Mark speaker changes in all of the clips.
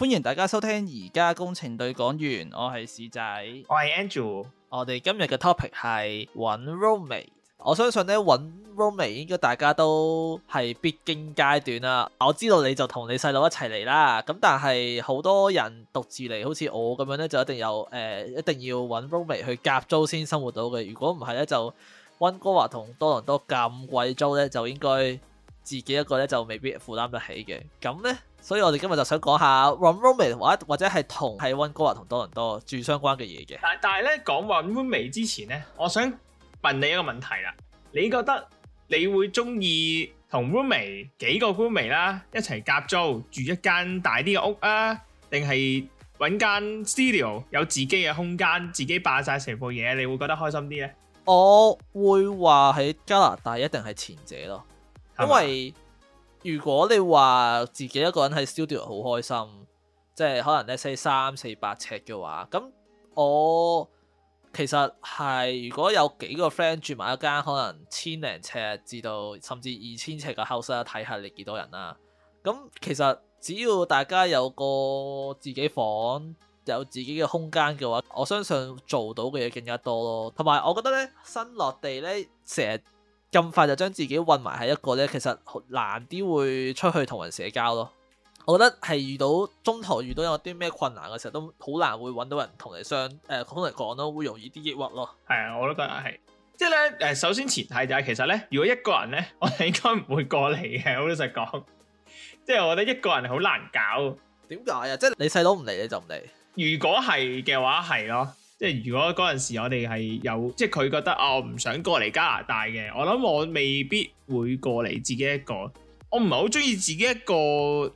Speaker 1: 歡迎大家收聽而家工程對講員，我係史仔，我係 Andrew，我哋今日嘅 topic 係揾 Roomate。我相信呢，揾 Roomate 應該大家都係必經階段啦。我知道你就同你細佬一齊嚟啦，咁但係好多人獨自嚟，好似我咁樣呢，就一定有誒、呃，一定要揾 Roomate 去夾租先生活到嘅。如果唔係呢，就溫哥華同多倫多咁貴租呢，就應該自己一個呢，就未必負擔得起嘅。咁呢。所以我哋今日就想講下 room roommate，或或者係同喺溫哥華同多倫多住相關嘅嘢嘅。
Speaker 2: 但但係咧，講話 roommate 之前咧，我想問你一個問題啦。你覺得你會中意同 roommate 幾個 room roommate 啦，一齊夾租住一間大啲嘅屋啊，定係揾間 studio 有自己嘅空間，自己擺晒成部嘢，你會覺得開心啲咧？
Speaker 1: 我會話喺加拿大一定係前者咯，嗎因為。如果你話自己一個人喺 studio 好開心，即係可能咧，使三四百尺嘅話，咁我其實係如果有幾個 friend 住埋一間，可能千零尺至到甚至二千尺嘅 house，睇下你幾多人啦。咁其實只要大家有個自己房，有自己嘅空間嘅話，我相信做到嘅嘢更加多咯。同埋我覺得咧，新落地咧成日。咁快就將自己混埋喺一個呢，其實難啲會出去同人社交咯。我覺得係遇到中途遇到有啲咩困難嘅時候，都好難會揾到人同你相誒，同、
Speaker 2: 呃、人講咯，會容易啲抑鬱咯。係啊，我都覺得係。即係呢，誒，首先前提就係其實呢，如果一個人呢，我哋應該唔會過嚟嘅。好老實講，即係我覺得一個人係好難搞。點解啊？即係你細佬唔嚟你就唔嚟。如果係嘅話係咯。即係如果嗰陣時我哋係有，即係佢覺得啊、哦，我唔想過嚟加拿大嘅，我諗我未必會過嚟自己一個。我唔係好中意自己一個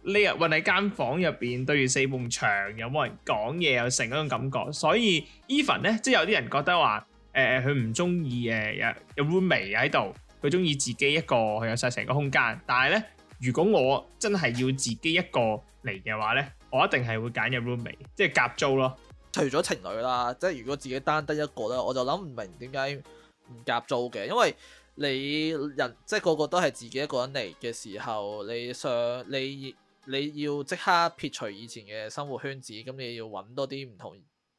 Speaker 2: 匿埋喺間房入邊對住四埲牆，有冇人講嘢，有成嗰種感覺。所以 Even 咧，即係有啲人覺得話誒，佢唔中意誒有 roommate 喺度，佢中意自己一個，佢有晒成個空間。但係咧，如果我真係要自己一個嚟嘅話咧，我一定係會揀有 roommate，即係夾租咯。除咗情侶啦，即係如
Speaker 1: 果自己單得一個咧，我就諗唔明點解唔夾租嘅？因為你人即係個個都係自己一個人嚟嘅時候，你想，你你要即刻撇除以前嘅生活圈子，咁你要揾多啲唔同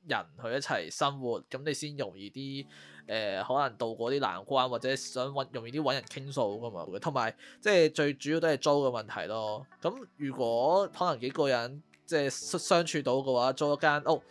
Speaker 1: 人去一齊生活，咁你先容易啲誒、呃，可能渡過啲難關，或者想容易啲揾人傾訴噶嘛。同埋即係最主要都係租嘅問題咯。咁如果可能幾個人即係相處到嘅話，租一間屋。哦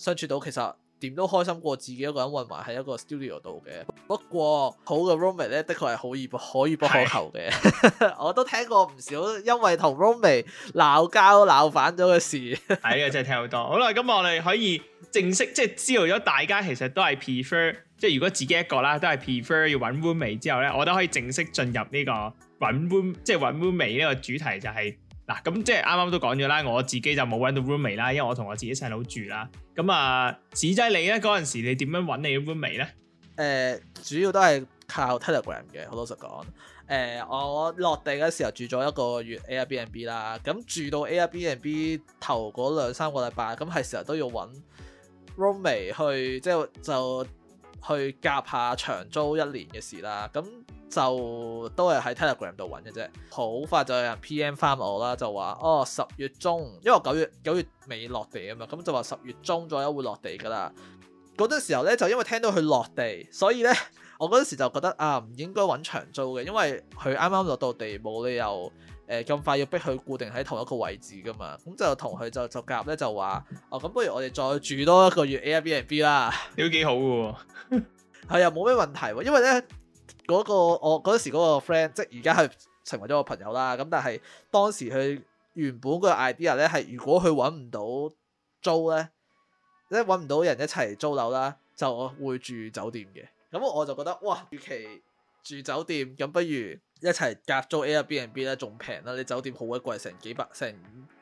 Speaker 1: 相處到其實點都開心過自己一個人混埋喺一個 studio 度嘅。不過好嘅 roommate 咧，的確係可遇，可遇不可求嘅。是 我都聽過唔少因為同 roommate 鬧
Speaker 2: 交鬧反咗嘅事。係啊，真係聽好多。 好啦，咁我哋可以正式即係、就是、知道咗大家其實都係 prefer 即係如果自己一個啦，都係 prefer 要揾 roommate 之後咧，我都可以正式進入呢、這個揾 room 即係揾 roommate 呢個主題就係、是。嗱，咁即係啱啱都講咗啦，我自己就冇揾到 roomie 啦，因為我同我自己細佬住啦。咁啊，史仔你咧嗰陣時你你，你點樣揾你嘅 roomie 咧？
Speaker 1: 誒，主要都係靠 Telegram 嘅，好老實講。誒、呃，我落地嗰時候住咗一個月 Airbnb 啦，咁住到 Airbnb 頭嗰兩三個禮拜，咁係時候都要揾 roomie 去，即係就去夾下長租一年嘅事啦。咁。就都係喺 Telegram 度揾嘅啫，好快就有人 PM 翻我啦，就話哦十月中，因為我九月九月未落地啊嘛，咁就話十月中左右會落地噶啦。嗰陣時候呢，就因為聽到佢落地，所以呢，我嗰陣時就覺得啊，唔應該揾長租嘅，因為佢啱啱落到地，冇理由誒咁快要逼佢固定喺同一個位置噶嘛。咁就同佢就就夾咧就話哦，咁不如我哋再住多一個月 Airbnb 啦，都幾好嘅，係啊，冇咩問題，因為呢。嗰、那個、我嗰時嗰個 friend，即係而家係成為咗我朋友啦。咁但係當時佢原本個 idea 咧係，如果佢揾唔到租咧，即係揾唔到人一齊租樓啦，就會住酒店嘅。咁我就覺得哇，與其住酒店，咁不如一齊夾租 Airbnb 咧，仲平啦。你酒店好鬼貴，成幾百、成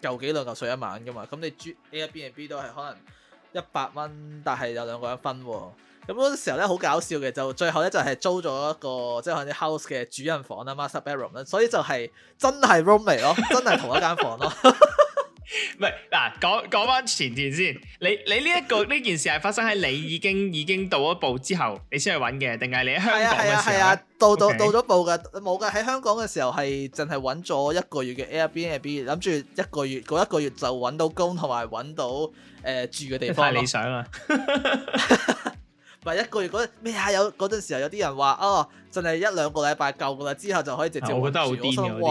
Speaker 1: 舊幾兩舊水一晚噶嘛。咁你住 Airbnb 都係可能一百蚊，但係有兩個人分喎、啊。咁嗰時候咧，好搞笑嘅，就最後咧就係租咗一個即係、就是、好似 house 嘅
Speaker 2: 主人房啊，master bedroom、um, 啦，所以就係真
Speaker 1: 係 room 嚟咯， 真係同一間
Speaker 2: 房咯。 唔係嗱，講講翻前段先，你你呢、這、一個呢件、 這個這個、事係發生喺你已經已經到咗步之後你，你先去揾嘅，定係你喺香港？係 啊係啊係啊！到 Okay. 到到咗
Speaker 1: 步嘅，冇嘅喺香港嘅時候係淨係揾咗一個月嘅 Airbnb，諗住一個月嗰一個月就揾到工同埋揾到誒、呃、住嘅地方，太理想啦～唔係一個月嗰咩啊？有嗰陣時候有啲人話哦，真係一兩個禮拜夠噶啦，之後就可以直接，接住。我覺得好癲嘅。我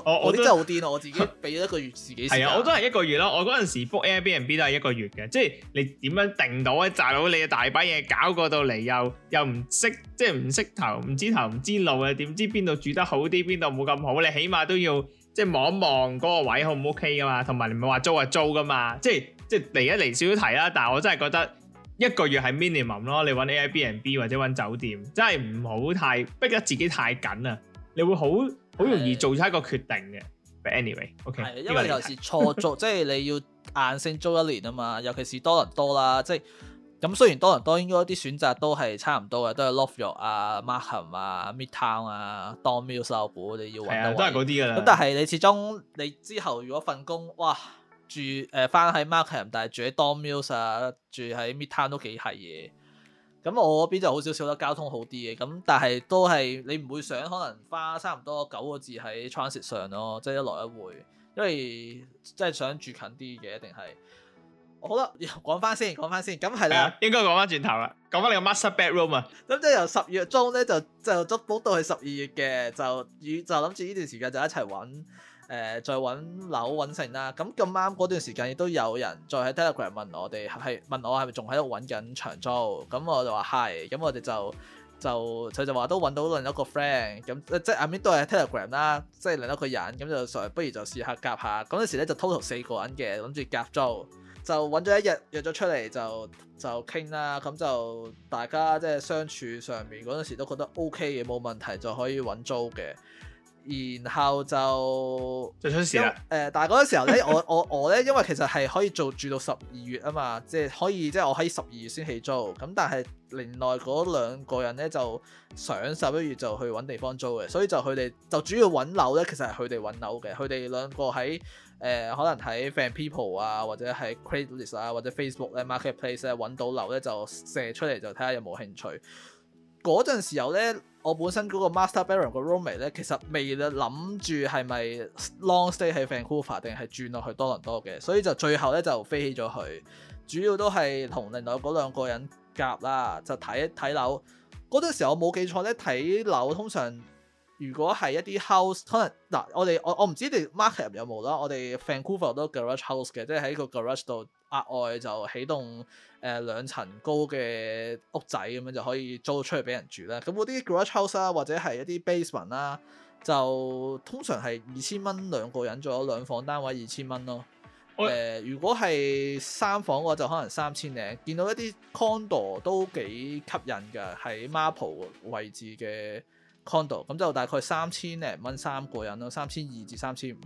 Speaker 1: 哇我啲真係好癲，我自己俾咗一個月自己時啊， 我
Speaker 2: 都係一個月咯。我嗰陣時 book Airbnb 都係一個月嘅，即係你點樣定到咧？大佬你大把嘢搞過到嚟，又又唔識，即係唔識頭，唔知頭唔知路啊？點知邊度住得好啲，邊度冇咁好？你起碼都要即係望一望嗰個位好唔 OK 噶嘛？同埋你唔係話租就租噶嘛？即係即係離一離少少題啦。但係我真係覺得。一個月係 minimum 咯，你揾 Airbnb 或者揾酒店，真係唔好太逼得自己太緊啊！你會好好是容易做出一個決定嘅。But anyway，OK、okay，係因為有時
Speaker 1: 錯租， 即係你要硬性租一年啊嘛。尤其是多倫多啦，即係咁雖然多倫多應該啲選擇都係差唔多嘅，都係 North York 啊、Markham 啊、Midtown 啊、Don Mills 你啊嗰啲要都係嗰啲㗎啦。咁但係你始終你之後如果份工，哇！住誒翻喺 Markham，但係住喺 Don Mills 啊，住喺 Midtown 都幾係嘢。咁我嗰邊就好少少得交通好啲嘅。咁但係都係你唔會想可能花差唔多九個字喺 Transit 上咯，即係一來一回。因為即係想住近啲嘅，一定係好啦。又講翻先，講翻先。咁係啦，應該
Speaker 2: 講翻轉頭啦。講翻你個 Master Bedroom 啊。
Speaker 1: 咁即係由十月中咧就就捉補到去十二月嘅，就就諗住呢段時間就一齊揾。誒、呃、再揾樓揾成啦，咁咁啱嗰段時間亦都有人再喺 Telegram 問我哋係問我係咪仲喺度揾緊長租，咁我就話係，咁我哋就就佢就話都揾到另一個 friend，咁誒即係後都係 Telegram 啦，即係另一個人，咁就不如就試下夾下，嗰陣時咧就 total 四個人嘅諗住夾租，就揾咗一日約咗出嚟就就傾啦，咁就大家即係相處上面嗰陣時都覺得 OK 嘅冇問題就可以揾租嘅。然後就就出事啦。誒、呃，但係嗰個時候咧， 我我我咧，因為其實係可以做住到十二月啊嘛，即、就、係、是、可以即係、就是、我喺十二月先起租。咁但係另外嗰兩個人咧就想十一月就去揾地方租嘅，所以就佢哋就主要揾樓咧，其實係佢哋揾樓嘅。佢哋兩個喺誒、呃、可能喺 Fan People 啊，或者係 Credit List 啊，或者 Facebook 咧、啊、Marketplace 咧、啊、揾到樓咧，就寫出嚟就睇下有冇興趣。嗰陣時候咧。我本身嗰個 Master Baron 個 roommate 咧，其實未諗住係咪 long stay 喺 Vancouver 定係轉落去多倫多嘅，所以就最後咧就飛起咗佢。主要都係同另外嗰兩個人夾啦，就睇一睇樓。嗰陣時我冇記錯咧，睇樓通常。如果係一啲 house，可能嗱、啊，我哋我我唔知你 market 入有冇啦，我哋 Vancouver 都 garage house 嘅，即係喺個 garage 度額外就起棟誒、呃、兩層高嘅屋仔咁樣就可以租出去俾人住啦。咁嗰啲 garage house 啦、啊，或者係一啲 basement 啦、啊，就通常係二千蚊兩個人租一兩房單位二千蚊咯。誒、呃，如果係三房嘅話，就可能三千零。見到一啲 condo 都幾吸引㗎，喺 Marpole 位置嘅。咁就
Speaker 2: 大概三千零蚊三個人咯，三千二至三千五。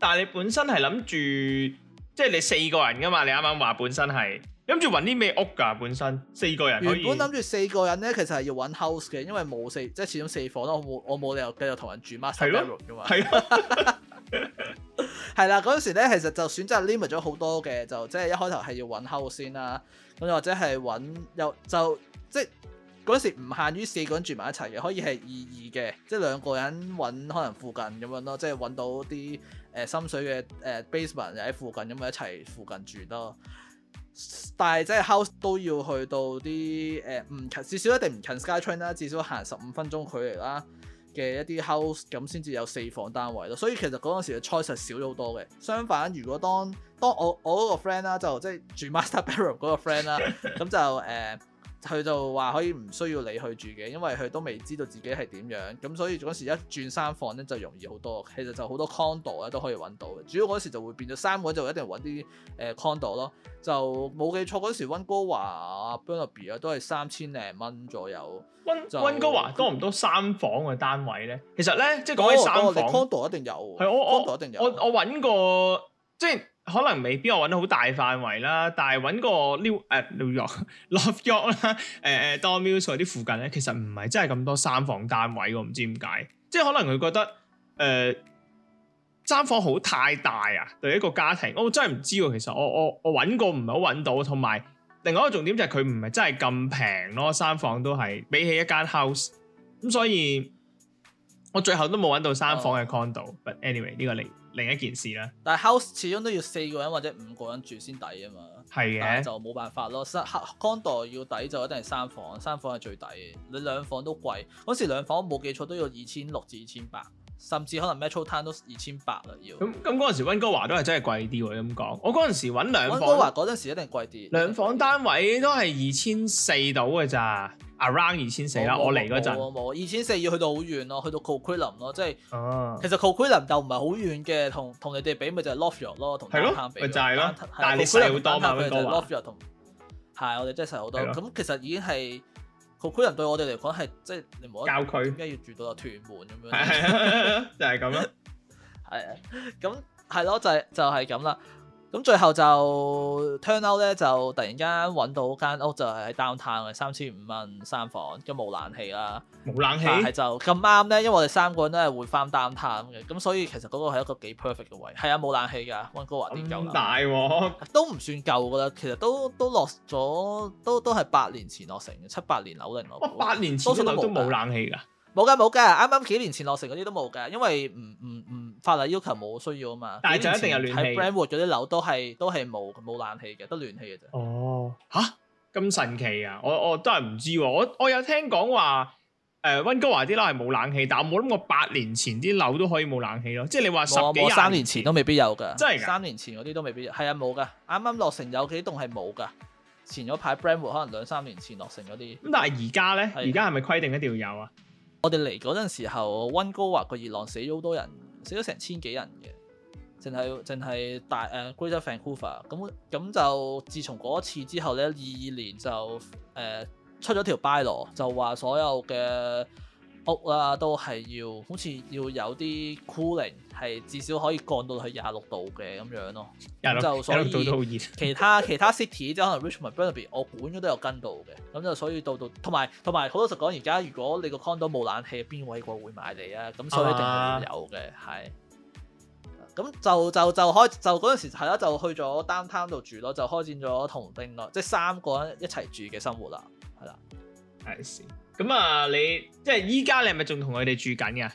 Speaker 2: 但係你本身係諗住，即係你四個人噶嘛？你啱啱話本身係諗住揾啲咩屋㗎？本身四個人。原本諗住
Speaker 1: 四個人咧，其實係要揾 house 嘅，因為冇四，即係始終四房咯。我冇，我冇理由繼續同人住 master bedroom 㗎嘛。係
Speaker 2: 咯。
Speaker 1: 係啦，嗰陣時咧，其實就選擇 limit 咗好多嘅，就即係一開頭係要揾 house 先啦。咁又或者係揾又就，就即係。即即嗰時唔限於四個人住埋一齊嘅，可以係二二嘅，即係兩個人揾可能附近咁樣咯，即係揾到啲誒心水嘅誒 basement 人喺附近咁樣一齊附近住咯。但係即係 house 都要去到啲誒唔近至少一定唔、呃、近 Skytrain 啦，至少行十五分鐘距離啦嘅一啲 house 咁先至有四房單位咯。所以其實嗰陣時嘅 choice 少咗好多嘅。相反，如果當當我我嗰個 friend 啦，就即係住 Master Bedroom 嗰個 friend 啦，咁就誒。 佢就話可以唔需要你去住嘅，因為佢都未知道自己係點樣，咁所以嗰時一轉三房咧就容易好多。其實就好多 condo 咧都可以揾到嘅。主要嗰時就會變咗三個就一定揾啲誒 condo 咯。就冇記錯嗰時溫哥華，溫哥華啊 Burnaby 都係三千零蚊左右。溫哥華多唔
Speaker 2: 多三房嘅單位咧？其實咧即係講起三房 condo 一定有，係我我我我揾過即係。可能未必我揾得好大範圍啦，但係揾個 New 誒 New York, Love York、 呃、Love York 啦誒誒多 s 諾嗰啲附近咧，其實唔係真係咁多三房單位，我唔知點解，即係可能佢覺得誒、呃、三房好太大啊，對於一個家庭，我真係唔知喎。其實我我我揾過唔係好揾到，同埋另外一個重點就係佢唔係真係咁平咯，三房都係比起一間 house 咁，所以我最後都冇揾到三房嘅 condo。Oh. But anyway，呢個嚟。另一件事啦，但 house
Speaker 1: 始終都要四個人或者五個人住先抵啊嘛，係嘅的，就冇辦法咯。室 condo 要抵就一定係三房，三房係最抵嘅。你兩房都貴，嗰時兩房我冇記錯都要二千六至二千八，甚至可能 Metro Town 都二千八啦，要咁
Speaker 2: 咁，嗰陣時溫哥華都係真係貴啲喎，咁講。我嗰陣時揾兩房，溫哥華嗰
Speaker 1: 陣時一定貴啲。
Speaker 2: 兩房單位都係二千四度嘅咋，around 二千四啦。我嚟嗰陣冇
Speaker 1: 冇，二千四要去到好遠咯，去到 Coquitlam 咯，即係其實 Coquitlam 就唔係好遠嘅，同同你哋比咪就係 Loftwood 咯，同 Metro Town 比咪就係咯，但係你哋細好多同，會係我哋真係細好多，咁其實已經係。好多人對我哋嚟講，係即係你冇得教佢他，依家要住到阿屯門咁 樣，就係咁啦。係啊，咁係咯，就係就係咁啦。咁最後就 turn out 咧，就突然間揾到間屋就係喺 downtown 嘅三千五蚊三房，咁冇冷氣啦。冇冷氣，但係就咁啱咧，因為我哋三個人都係會翻 downtown 嘅，咁所以其實嗰個係一個幾 perfect 嘅位。係啊，冇冷氣㗎。溫哥華啲舊樓大喎，都唔算夠㗎啦。其實都都落咗，都都係八年前落成嘅，七八年樓齡落。哇、哦！八年前嘅樓都冇冷氣㗎。冇㗎冇㗎，啱啱幾年前落成嗰啲都冇㗎，因為唔唔唔法律要求冇需要啊嘛。但幾年前喺 Brandwood
Speaker 2: 嗰啲樓都係都係冇
Speaker 1: 冇冷氣嘅，得暖氣嘅啫。
Speaker 2: 哦，吓？咁神奇啊！我我真係唔知，我知、啊、我，我有聽講話誒溫哥華啲樓係冇冷氣，但係我冇諗過八年前啲樓都可以冇冷氣咯。即係你話十幾，十幾三年前都
Speaker 1: 未必有㗎，即係三年前嗰啲都未必有。係啊，冇㗎，啱啱落成有幾棟係冇㗎。前嗰排 Brandwood 可能兩三年前落成嗰啲。咁但
Speaker 2: 係而家咧，而家係咪規定一定要有啊？我哋嚟嗰陣時
Speaker 1: 候，溫哥華個熱浪，死咗好多人，死咗成千幾人嘅，淨係淨係大誒、uh, Greater Vancouver 咁咁就，自從嗰次之後咧，二二年就誒、呃、出咗條 by-law 就話所有嘅，屋、oh, 啊，都係要，好似要有啲 cooling，係至少可以降到去廿六度嘅咁樣咯。廿六 16, 度都好熱。其他其他 city 即可能 Richmond、Burnaby 我管咗都有跟到嘅。咁就所以到到，同埋同埋，好老實講，而家如果你個 condo 冇冷氣，邊位個會買你啊？咁所以一定有嘅，係、uh,。咁就就就，就開，就嗰陣時係啦、嗯，就去咗 Downtown 度住咯，就開展咗同丁咯，即係三個人一齊住
Speaker 2: 嘅生活啦，係啦，咁啊，你即係依家你係咪仲同佢哋住緊噶？
Speaker 1: 誒誒、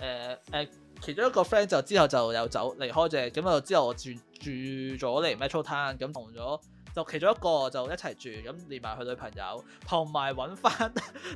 Speaker 1: 呃呃，其中一個 friend 就之後就有走離開啫。咁啊之後我住住咗嚟 metro t 咁同咗就其中一個就一齊住，咁連埋佢女朋友，同埋揾翻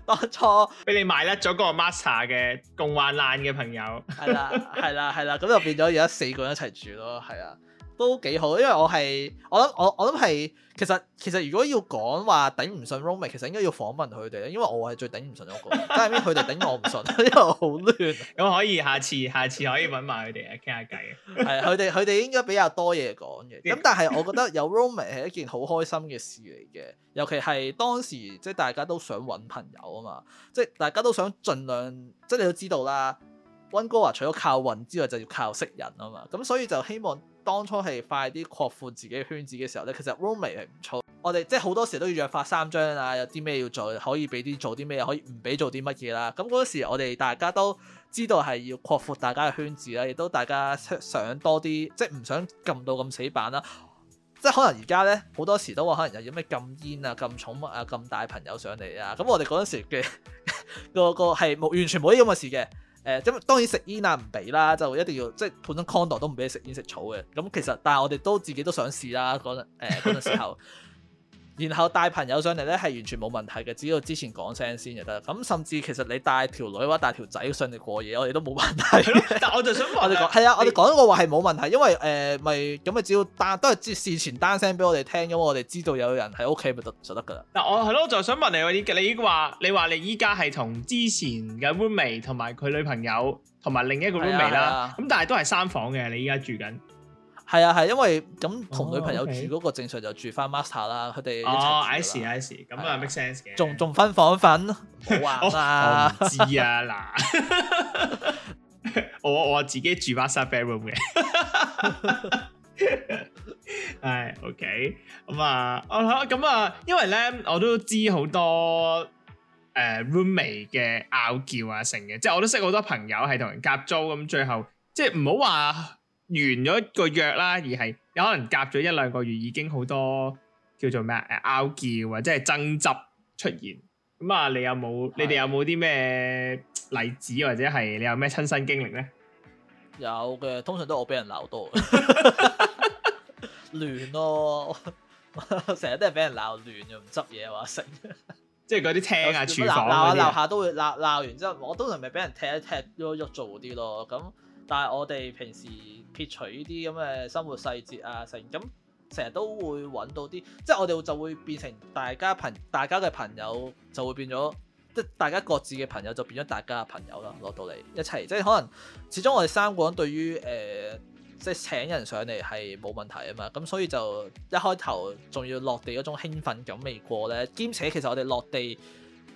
Speaker 2: 當初俾你賣甩咗嗰個 master 嘅共患難嘅朋友。係啦
Speaker 1: 係啦係啦，咁就變咗而家四個人一齊住咯，係啊。都幾好，因為我係我諗我我諗係其實其實如果要講話頂唔順 Roommate，其實應該要訪問佢哋咧，因為我係最頂唔順嗰個 但我，因為佢哋頂我唔順，因為我好亂。
Speaker 2: 咁 可以下次下次可以揾埋佢哋傾下偈，係佢
Speaker 1: 哋佢哋應該比較多嘢講嘅。咁但係我覺得有 Roommate 係一件好開心嘅事嚟嘅，尤其係當時即係大家都想揾朋友啊嘛，即係大家都想盡量即係你都知道啦。溫哥華除咗靠運之外，就要靠識人啊嘛，咁所以就希望。當初係快啲擴闊自己嘅圈子嘅時候呢，其實 roommate 係唔錯。我哋即係好多時都要約法三章啊，有啲咩要做，可以俾啲做啲咩，可以唔俾做啲乜嘢啦。咁嗰陣時，我哋大家都知道係要擴闊大家嘅圈子啦，亦都大家想多啲，即係唔想撳到咁死板啦。即係可能而家呢，好多時都話可能有啲咩禁煙啊、禁寵物啊、禁大朋友上嚟啊。咁我哋嗰陣時嘅個個係冇完全冇啲咁嘅事嘅。誒，咁、呃、當然食煙啊，唔俾啦，就一定要即係本身 condo 都唔俾你食煙食草嘅。咁其實，但係我哋都自己都想試啦、啊。嗰陣誒嗰陣時候。 然後帶朋友上嚟咧係完全冇問題嘅，只要之前講聲先就得。咁甚至其實你帶條女或者帶條仔上嚟過夜，我哋都冇問題。但我就想問你 我哋講係啊，你 我哋講嗰個話係冇問題，因為誒咪咁咪只要單都係事事前單聲俾我哋聽，咁我哋知道有人喺屋企咪得就得㗎啦。
Speaker 2: 嗱，我係咯，就想問你，你已經你話你話你依家係同之前嘅 roommate 同埋佢女朋友同埋另一個 roommate 啦，咁但係都係三房嘅，你依家住緊。
Speaker 1: 係啊，係、啊、因為咁同女朋友住嗰個正常就住翻 master 啦，佢哋哦，I
Speaker 2: see I see，咁啊 make sense 嘅，仲
Speaker 1: 仲分房瞓好啊？我唔知啊，嗱，
Speaker 2: 我我自己住 master bedroom 嘅，係 OK 咁啊，我咁啊，因為咧我都知好多誒、呃、roommate 嘅拗撬啊成嘅，即係我都識好多朋友係同人夾租咁，最後，最後即係唔好話。完咗一個約啦，而係有可能夾咗一兩個月，已經好多叫做咩啊，拗撬或者係爭執出現。咁啊的，你有冇？你哋有冇啲咩例子，或者係你有咩親身經歷咧？
Speaker 1: 有嘅，通常都我俾人鬧多，亂咯，成日都係俾人鬧亂又唔執嘢話食。
Speaker 2: 即係嗰啲廳啊 廚房鬧下鬧下
Speaker 1: 都會鬧。鬧完之後，我通常咪俾人踢，踢一踢咗做啲咯，咁。但係我哋平時撇除呢啲咁嘅生活細節啊，成咁成日都會揾到啲，即係我哋就會變成大家朋，大家嘅朋友就會變咗，即係大家各自嘅朋友就變咗大家嘅朋友啦，落到嚟一齊，即係可能始終我哋三個人對於誒即係請人上嚟係冇問題啊嘛，咁所以就一開頭仲要落地嗰種興奮感未過呢，兼且其實我哋落地。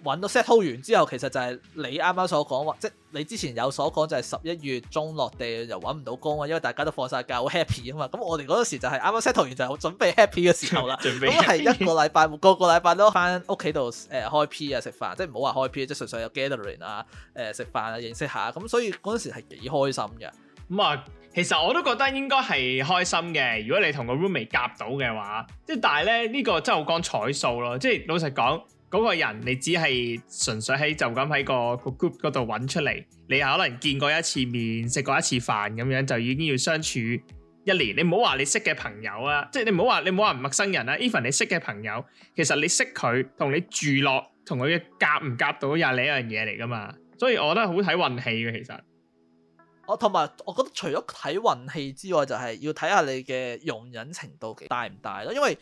Speaker 1: 揾到 settle 完之後，其實就係你啱啱所講話，即係你之前有所講就係十一月中落地又揾唔到工啊，因為大家都放晒假，好 happy 啊嘛。咁我哋嗰陣時就係啱啱 settle 完就係準備 happy 嘅時候啦。準備咁係一個禮拜， 個禮拜個禮拜都翻屋企度誒開 P 啊，食飯即係唔好話開 P，即係純粹有 gathering 啊、呃，誒食
Speaker 2: 飯啊，認識下咁，所以嗰陣時係幾開心嘅。咁啊，其實我都覺得應該係開心嘅，如果你同個 roommate 夾到嘅話，即係但係咧呢、呢個真係好講彩數咯，即係老實講。嗰個人你只係純粹喺就咁喺個個 group 嗰度揾出嚟，你可能見過一次面，食過一次飯咁樣，就已經要相處一年。你唔好話你識嘅朋友啊，即係你唔好話你唔好話陌生人啊。Even 你識嘅朋友，其實你識佢同你住落，同佢夾唔夾到，又係另一樣嘢嚟噶嘛。所以我都係好睇運氣嘅，其實。我同埋我覺得除咗睇運氣之外，就係
Speaker 1: 要睇下你嘅容忍程度大唔大咯，因為。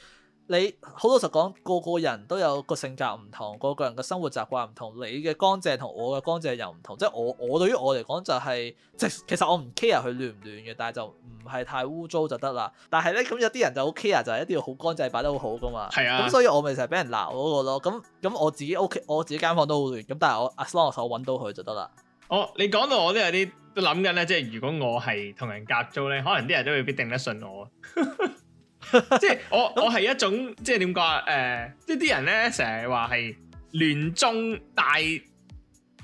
Speaker 1: 你好老實講，個個人都有個性格唔同，個個人嘅生活習慣唔同。你嘅乾淨同我嘅乾淨又唔同，即係我我對於我嚟講就係，即係其實我唔 care 佢亂唔亂嘅，但係就唔係太污糟就得啦。但係咧，咁有啲人就好 care，就係一定要好乾淨，擺得好好噶嘛。係啊，咁所以我咪成日俾人鬧嗰個咯。咁咁我自己屋企我自己間房都好亂，咁但係我 as long 我揾到佢就得啦。
Speaker 2: 哦，你講到我都有啲都諗緊咧，即係如果我係同人夾租咧，可能啲人都未必定得信我。 即係我我係一種即係點講誒，即係啲、呃、人咧成日話係亂中帶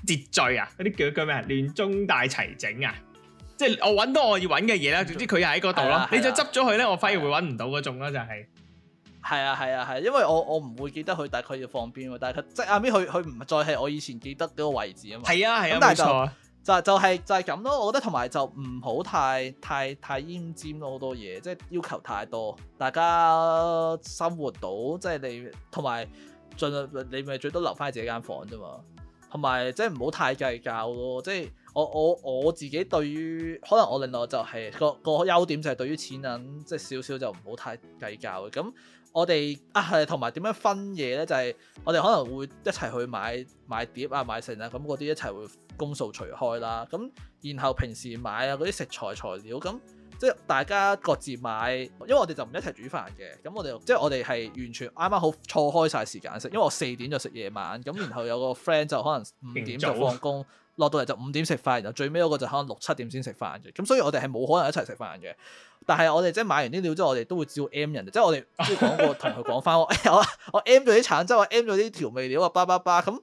Speaker 2: 秩序啊，嗰啲叫叫咩啊？亂中帶齊整啊！即係我揾到我要揾嘅嘢啦，總之佢又喺嗰度咯。 啊、你就執咗佢咧，啊啊、我反而會揾唔到嗰種咯、就是，就係係啊係啊係、啊，因為我我唔會
Speaker 1: 記得佢大概要放邊，但係即係阿咪佢佢唔再係我以前記得嗰個位置啊嘛。係啊係啊，冇錯、啊。就係、就係就係咁咯。我覺得同埋就唔好太太太奄尖咯，好多嘢即係要求太多，大家生活到即係你同埋盡量你咪最多留翻自己間房啫嘛。同埋即係唔好太計較咯。即係我我我自己對於可能我令我就係、係、個個優點就係對於錢銀即係少少就唔好太計較咁。我哋啊係同埋點樣分嘢咧？就係、係、我哋可能會一齊去買買碟啊、買餸啊咁嗰啲一齊會。公數除開啦，咁然後平時買啊嗰啲食材材料，咁即係大家各自買，因為我哋就唔一齊煮飯嘅，咁我哋即係我哋係完全啱啱好錯開晒時間食，因為我四點就食夜晚，咁然後有個 friend 就可能五點就放工，落早到嚟就五點食飯，然後最尾嗰個就可能六七點先食飯嘅，咁所以我哋係冇可能一齊食飯嘅。但係我哋即係買完啲料之後，我哋都會照 M 人，即係 我哋都講過同佢講翻我、哎、我，我 M 咗啲橙汁，我 M 咗啲調味料，巴叭叭咁。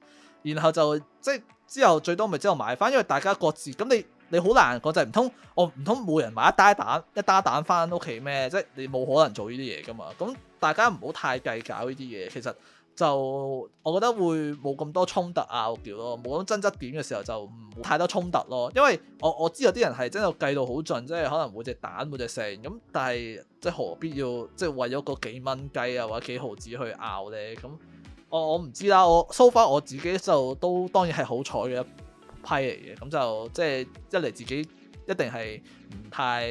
Speaker 1: 然後就即係之後最多咪之後買翻，因為大家各自咁，你你好難講就唔通，我唔通每人買一打蛋一打蛋翻屋企咩？即係你冇可能做呢啲嘢噶嘛。咁大家唔好太計較呢啲嘢，其實就我覺得會冇咁多衝突拗叫咯。冇咁爭執點嘅時候就唔太多衝突咯、啊。因為我我知有啲人係真係計到好盡，即係可能每隻蛋每隻成咁，但係即係何必要即係為咗個幾蚊雞啊或者幾毫子去拗呢？咁？我我唔知啦，我 so far 我自己就都當然係好彩嘅一批嚟嘅，咁就即係一嚟自己一定係唔太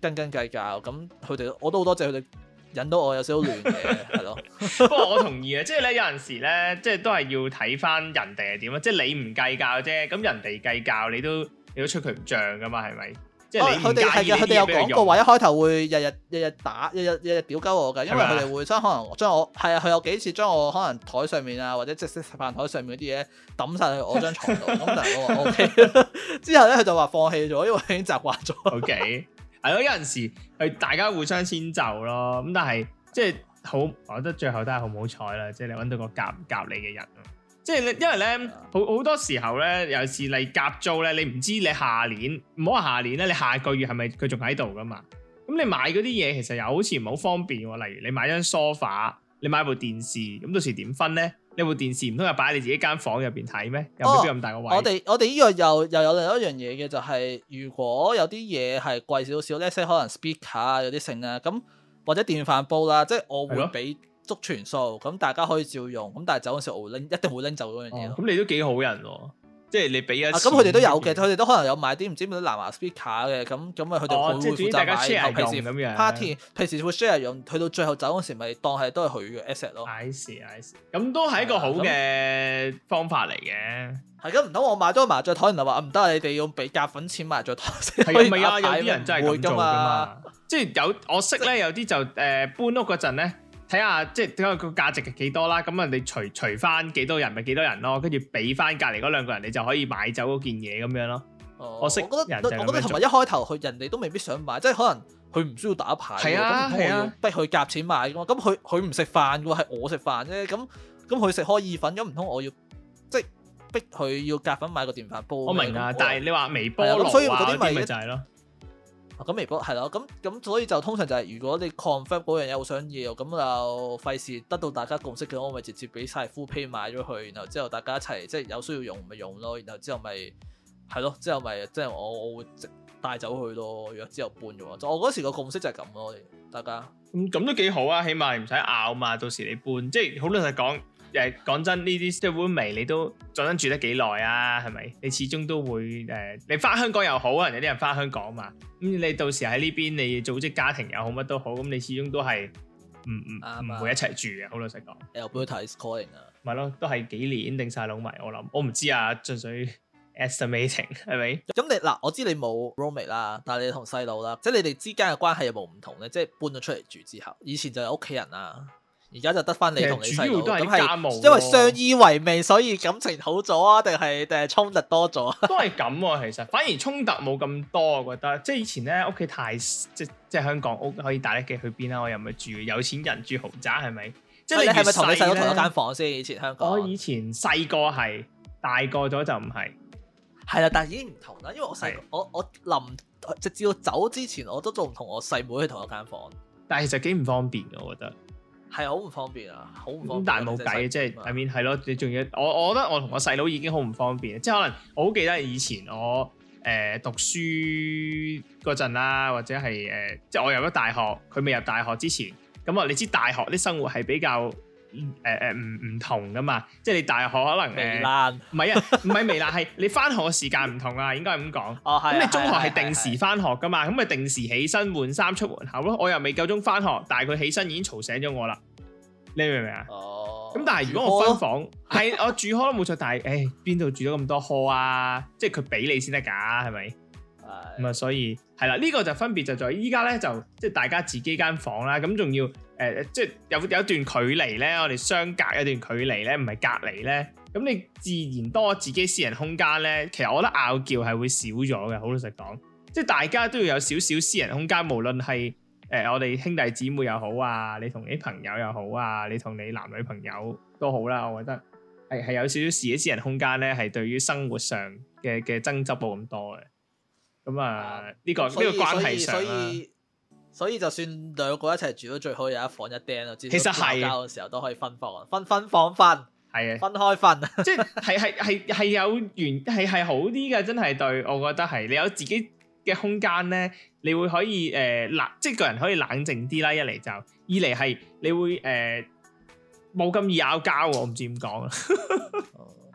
Speaker 1: 斤斤計較，咁佢哋我都好多謝佢哋引到我有少少亂嘅，係咯。
Speaker 2: 不過我同意啊，即係咧有陣時咧，即係都係要睇翻人哋係點啊，即係你唔計較啫，咁人哋計較你，你都你都出佢唔漲噶嘛，係咪？佢佢哋係啊，佢哋們有講過話一
Speaker 1: 開頭會日日日日打日日日日屌鳩我嘅，因為佢哋會將可能將我係啊，佢吧有幾次將我可能台上面啊或者即食飯台上面嗰啲嘢抌晒去我張床度，咁 但係我話 OK，
Speaker 2: 之後咧佢就話放棄咗，因為已經習慣咗。OK，係咯， 有陣時係大家互相遷就咯，咁但係即係好，我覺得最後都係好唔好彩啦，即係你揾到個夾唔夾你嘅人。即係咧，因為咧，好好多時候咧，尤其是嚟夾租咧，你唔知你下年唔好話下年咧，你下個月係咪佢仲喺度噶嘛？咁你買嗰啲嘢，其實又好似唔係好方便。例如你買張梳化，你買部電視，咁到時點分咧？你部電視唔通又擺喺你自己間房入邊睇咩？又必有冇咁大個位，哦？
Speaker 1: 我哋我哋呢個又又有另一樣嘢嘅，就係、是、如果有啲嘢係貴少少咧，即係可能 speaker 啊，有啲性啊，咁或者電飯煲啦，即係我會俾。足全數咁，大家可以照用。咁但係走嗰時，我拎一定會拎走嗰樣嘢咯。
Speaker 2: 咁、哦、你都幾好人喎、哦，即係你俾一咁，佢哋、啊、都有
Speaker 1: 嘅。佢哋都可能有買啲唔知咩啲藍牙 speaker 嘅。咁咁啊，佢哋會負、哦、責買後平時 party 平時會 share 用，去到最後走嗰時咪當係都係佢嘅 asset 咯。係事，係事，咁都係一個好嘅方法嚟嘅。係咁唔通我買咗個麻雀台，人就話
Speaker 2: 唔得，你哋用俾夾粉錢買麻雀台係咪啊？有啲人真係咁做噶嘛？即係有我識咧，有啲就誒、呃、搬屋嗰陣咧。 睇下即係睇下個價值係幾多啦，咁人哋除除翻幾多人咪幾多人咯，跟住俾翻隔離嗰兩個人，你就可以買走嗰件嘢咁樣咯。我覺得同埋一開頭佢人哋都未必想買，即係可能佢唔需
Speaker 1: 要打牌，係啊係啊，逼佢夾錢買嘅。咁佢佢唔食飯嘅喎，係我食飯啫。咁咁佢食開意粉，咁唔通我要即係逼佢要夾粉買個電飯煲？我明對啊，但係你話微波爐，所以啲咪就係、係、咯。啊是咁微博係咯，咁咁所以就通常就係如果你 confirm 嗰樣嘢好想要，咁就費事得到大家共識嘅，我咪直接俾晒 full Pay 批買咗佢，然後之後大家一齊即係有需要用咪用咯，然後之後咪係咯，之後咪即係我我會帶走佢咯，如果之後搬嘅話，就我嗰時個共識就係咁咯，大
Speaker 2: 家。嗯，咁都幾好啊，起碼唔使拗嘛，到時你搬，即係好老實講。誒講真，呢啲 roommate 你都講真住得幾耐啊？係咪？你始終都會誒、呃，你翻香港又好，啊，可能有啲人翻香港嘛。咁、嗯、你到時喺呢邊，你組織家庭又好，乜都好，咁、嗯、你始終都係
Speaker 1: 唔唔唔會一
Speaker 2: 齊住嘅。好老實講。Alberta is calling 啊。咪咯，都係幾年定晒老咪？我諗我唔知啊，純粹 estimating
Speaker 1: 係咪？咁你嗱，我知你冇 roommate 啦，made, 但係你同細佬啦，即、就、係、是、你哋之間嘅關係有冇唔同咧？即、就、係、是、搬咗出嚟住之後，以前就係屋企人啊。而家就得翻你同你細佬，都因為相
Speaker 2: 依為命，所以感情好咗啊？定係定係衝突多咗，都係咁喎，其實反而衝突冇咁多，我覺得即係以前咧屋企太即係即係香港屋可以大得去邊啦？我又唔係住有錢人住豪宅係咪？即係你係咪同你細佬同一間房先？以前香港我以前細個係大個咗就唔係係啦，
Speaker 1: 但係已經唔同啦。因為我細個我我臨直至到走之前我都仲同我細妹去
Speaker 2: 同一間房，但係其實幾唔方便嘅，我覺得。係好唔方便啊，好唔方便啊。但係冇計，即係大面係咯，你仲要我，我覺得我同我細佬已經好唔方便。嗯、即係可能我好記得以前我誒、呃、讀書嗰陣啦，或者係誒、呃，即係我入咗大學，佢未入大學之前，咁、嗯、啊，你知大學啲生活係比較。誒誒唔唔同噶嘛，即係你大學可能未冷，唔係啊，唔係未冷，係你翻學嘅時間唔同啊，應該咁講。哦，係。咁你中學係定時翻學噶嘛，咁咪定時起身換衫出門口咯。我又未夠鐘翻學，但係佢起身已經嘈醒咗我啦。你明唔明啊？哦。咁但係如果我分房，係客我住 hall 都冇錯，但係誒邊度住咗咁多 hall 啊？即係佢俾你先得㗎，係咪？咁啊的的，所以係啦，呢、這個就分別就在依家咧，就即係大家自己間房啦，咁仲要。誒、呃，即係有有一段距離咧，我哋相隔一段距離咧，唔係隔離咧，咁你自然多自己私人空間咧。其實我覺得拗撬係會少咗嘅，好老實講，即係大家都要有少少私人空間，無論係誒我哋兄弟姊妹又好啊，你同你朋友又好啊，你同你男女朋友都好啦，啊，我覺得係係有少少自己私人空間咧，係對於生活上嘅嘅爭執冇咁多嘅。咁啊，呢、呃呢個呢以個關係上
Speaker 1: 所以就算兩個一齊住都最好有一房一廳咯。其實係，鬧交嘅時候都可以分房，分分
Speaker 2: 房瞓，係啊的，分開瞓，即係係係係有完係係好啲嘅，真係對我覺得係。你有自己嘅空間咧，你會可以誒冷、呃，即係個人可以冷靜啲啦。一嚟就，二嚟係你會誒冇咁易拗交喎。我唔知點講啊。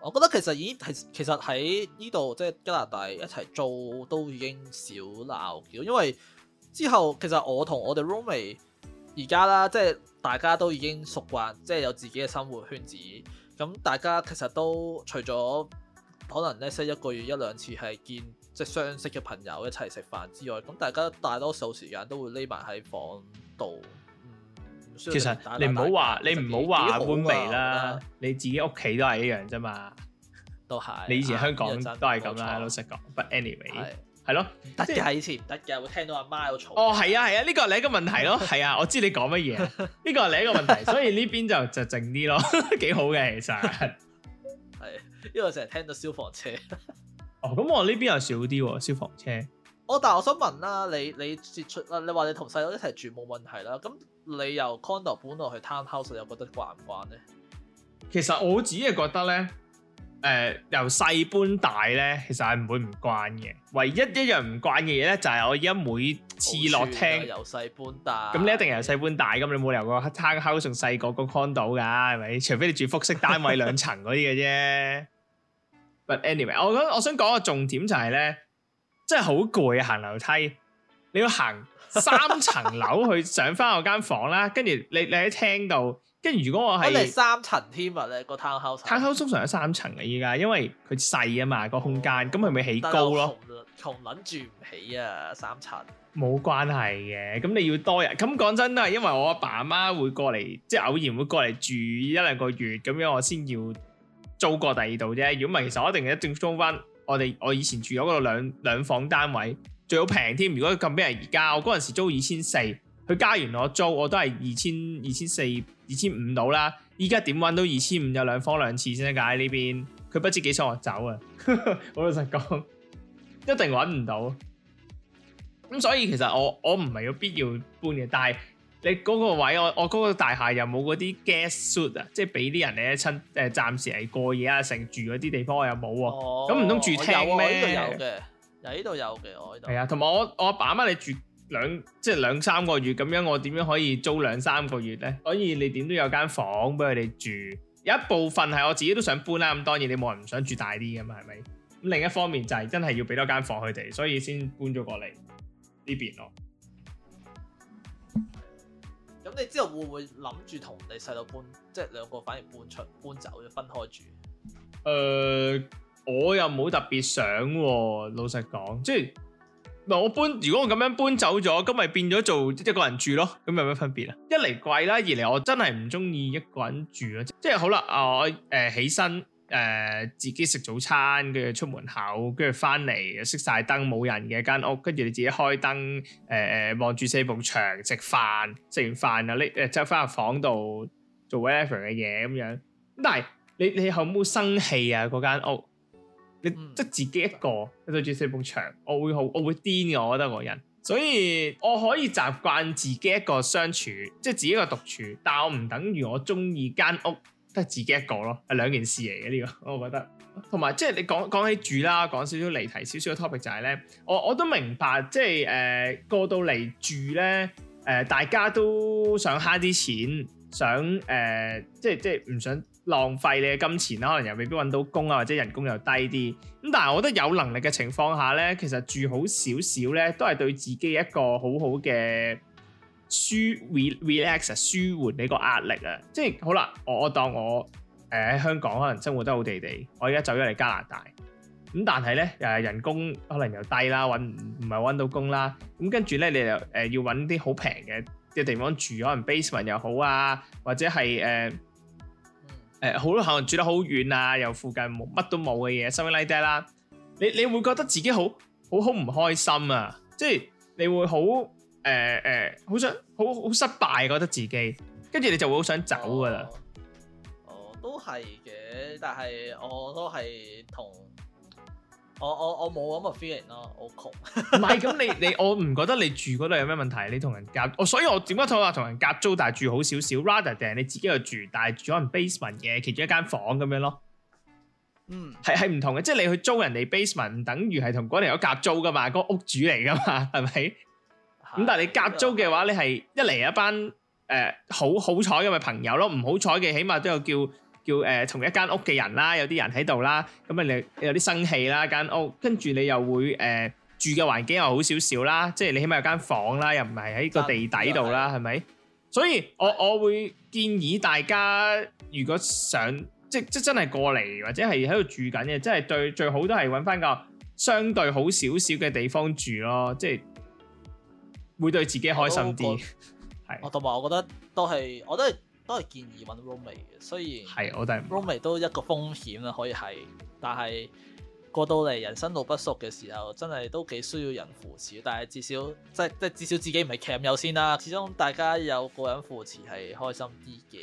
Speaker 2: 我覺得其實已經其實喺呢度即係加
Speaker 1: 拿大一齊租，都已經少鬧交，因為。之後其實我同我哋 roommate 而家啦，即係大家都已經熟慣，即係有自己嘅生活圈子。咁大家其實都除咗可能咧，即係一個月一兩次係見即係相識嘅朋友一齊食飯之外，咁大家大多數時間都會匿埋喺
Speaker 2: 房度。嗯、大大大
Speaker 1: 其實你唔好話你唔好話搬嚟啦，
Speaker 2: 你自己屋企都係一樣啫嘛，
Speaker 1: 都係。
Speaker 2: 你以前香港都係咁啦，啊，老實講。But anyway。係咯，得嘅，以前唔得嘅，會聽到阿媽有嘈。哦，係啊係啊，呢個係你一個問題咯，係 啊，我知你講乜嘢，呢個係你一個問題，所以呢邊就就靜啲咯，幾好嘅其實。係，
Speaker 1: 因為成日聽到消防車。
Speaker 2: 哦，咁我呢邊又少啲消防車。
Speaker 1: 哦，但係我想問啦，你你接觸啊，你話你同細佬一齊住冇問題啦，咁你由 condo 本來去 townhouse，又覺得慣唔慣咧？
Speaker 2: 其實我自己係覺得咧。誒由細搬大咧，其實係唔會唔慣嘅。唯一一樣唔慣嘅嘢咧，就係我而家每次落廳，由
Speaker 1: 細搬大。咁
Speaker 2: 你一定由細搬大，咁你冇理由個 town house 仲細過個 condo 㗎，係咪？除非你住復式單位兩層嗰啲嘅啫。But anyway，我講我想講個重點就係咧，真係好攰啊！行樓梯，你要行三層樓去上翻我間房啦，跟住你你喺廳度。跟住如果我係，我哋
Speaker 1: 三層添啊！咧個 townhouse，townhouse 通
Speaker 2: 常有三層嘅依家，因為佢細啊嘛個空間，咁係咪起高咯？
Speaker 1: 窮撚住唔起啊三層。
Speaker 2: 冇關係嘅，咁你要多人。咁講真都係，因為我阿爸阿媽會過嚟，即係偶然會過嚟住一兩個月，咁樣我先要租過第二度啫。如果唔係，其實我一定一定租翻我哋我以前住咗嗰個兩兩房單位，最好平添。如果咁俾人而家，我嗰陣時租二千四，佢加完我租我都係二千二千四。二千五到啦，依家點揾到二千五有兩方兩次先得㗎？呢邊佢不知幾想我走啊！我老實講，一定揾唔到。咁所以其實我我唔係有必要搬嘅，但係你嗰個位我我嗰個大廈又冇嗰啲 guest suite 啊，即係俾啲人嚟一親誒暫時係過夜啊、成住嗰啲地方我又冇喎。咁唔通住廳咩？有呢度有嘅，有呢度有嘅，我呢度。係啊，同埋我我阿爸媽你住。兩即係兩三個月咁樣，我點樣可以租兩三個月呢？所以你點都有間房俾佢哋住。有一部分係我自己都想搬啦，咁當然你冇人唔想住大啲噶嘛，係咪？咁另一方面就係真係要俾多間房佢哋，所以先搬咗過嚟呢邊咯。
Speaker 1: 咁你之後會唔會諗住同你細佬搬？即係兩個反而搬出搬走，分開住？
Speaker 2: 誒，我又冇特別想，老實講，即係。我搬，如果我咁樣搬走咗，咁咪變咗做即係一個人住咯。咁有咩分別啊？一嚟貴啦，二嚟我真係唔中意一個人住咯。住即係好啦，我誒、呃、起身誒、呃、自己食早餐，跟住出門口，跟住翻嚟熄晒燈冇人嘅間屋，跟住你自己開燈誒誒望住四幅牆食飯，食完飯啊拎誒執翻入房度做 whatever 嘅嘢咁樣。但係你你有冇生氣啊？嗰間屋。即自己一個對住四埲牆，我會好我會癲嘅，我覺得個人，所以我可以習慣自己一個相處，即自己一個獨處。但係我唔等於我中意間屋得自己一個咯，係兩件事嚟嘅呢個，我覺得。同埋即係你講講起住啦，講少少離題少少嘅 topic 就係、是、咧，我我都明白即係誒、呃、過到嚟住咧誒、呃，大家都想慳啲錢，想誒、呃、即即唔想。浪費你嘅金錢啦，可能又未必揾到工啊，或者人工又低啲。咁但係我覺得有能力嘅情況下咧，其實住好少少咧，都係對自己一個好好嘅舒 relax、舒緩你個壓力啊。即係好啦，我我當我誒喺香港可能生活得好地地，我而家走咗嚟加拿大。咁但係咧，又人工可能又低啦，揾唔係揾到工啦。咁跟住咧，你就誒、呃、要揾啲好平嘅嘅地方住，可能 basement 又好啊，或者係誒。呃誒好、呃、多客人住得好遠啊，又附近乜都冇嘅嘢，收唔嚟啲啦。你你會覺得自己好好好唔開心啊，即係你會好誒誒，好、呃呃、想好好失敗、啊、覺得自己，跟住你就會好想走㗎喇、哦。
Speaker 1: 哦，都係嘅，但係我都係同。我我我
Speaker 2: 冇咁嘅 feeling 咯，我，我窮。唔係咁，你你我唔覺得你住嗰度有咩問題。你同人夾，我所以我點解同話同人夾租，但係住好少少。Rather 定係你自己去住，但係住可能 basement 嘅其中一間房咁樣咯。嗯，係係唔同嘅，即係你去租人哋 basement，等於係同嗰條友夾租噶嘛，個屋主嚟噶嘛，係咪？咁的但係你夾租嘅話，你係一嚟一班誒、呃、好好彩咪朋友咯，唔好彩嘅，起碼都有叫。叫誒、呃、同一間屋嘅人啦，有啲人喺度啦，咁咪你有啲生氣啦間屋，跟住你又會誒、呃、住嘅環境又好少少啦，即係你起碼有間房啦，又唔係喺個地底度啦，係咪、就是？所以我是的 我，我會建議大家，如果想即即真係過嚟或者係喺度住緊嘅，即係最最好都係揾翻個相對好少少嘅地方住咯，即係會對自己開心啲。係。我同埋我覺得
Speaker 1: 都係，我都係。都係建議揾 Roomate 嘅，雖然係，我都 Roomate 都一個風險啦，可以係，但係過到嚟人生路不熟嘅時候，真係都幾需要人扶持。但係至少即即至少自己唔係強遊先啦。始終大家有個人扶持係開心啲嘅，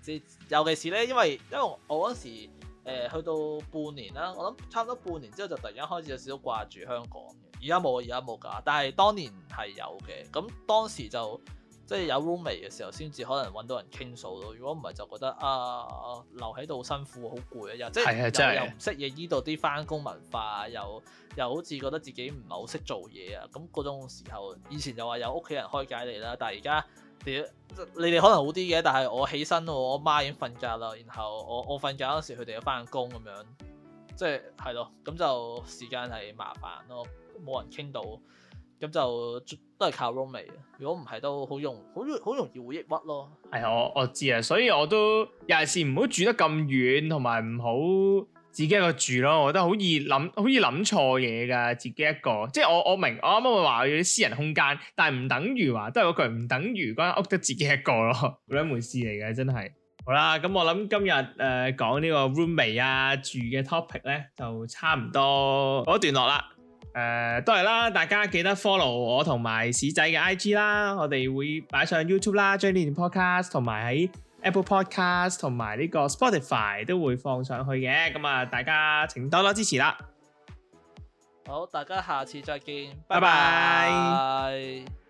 Speaker 1: 即尤其是呢。因為因為我嗰時誒、呃、去到半年啦，我諗差唔多半年之後就突然間開始有少少掛住香港嘅。而家冇，而家冇㗎，但係當年係有嘅。咁當時就。即係有 roommate 嘅時候，先至可能揾到人傾訴到。如果唔係，就覺得啊，留喺度辛苦，好攰啊。又的即係是又唔適應呢度啲翻工文化，又又好似覺得自己唔係好識做嘢啊。咁嗰種時候，以前就話有屋企人開解你啦。但係而家你哋可能好啲嘅，但係我起身，我媽已經瞓覺啦。然後我我瞓覺嗰時，佢哋要翻工咁樣，即係係咯。咁就時間係麻煩咯，冇人傾到。咁就都係靠 roommate 如果唔係都好容好好容易會抑鬱咯。
Speaker 2: 係、哎、我我知啊，所以我都尤其係唔好住得咁遠，同埋唔好自己一個住咯。我覺得好易諗，好易諗錯嘢㗎。自己一個，即係我我明我啱啱話我要啲私人空間，但係唔等於話都係嗰句，唔等於間屋得自己一個咯，兩回事嚟嘅，真係。好啦，咁我諗今日誒、呃、講個、啊、呢個 roommate 啊住嘅 topic 咧就差唔多講段落啦。誒、呃、都係啦，大家記得 follow 我同埋史仔嘅 IG 啦，我哋會擺上 YouTube 啦，將呢段 Pod cast, podcast 同埋喺 Apple Podcast 同埋呢個 Spotify 都會放上去嘅，咁啊大家請多多支持啦。
Speaker 1: 好，大家下次再見，拜拜 bye。Bye bye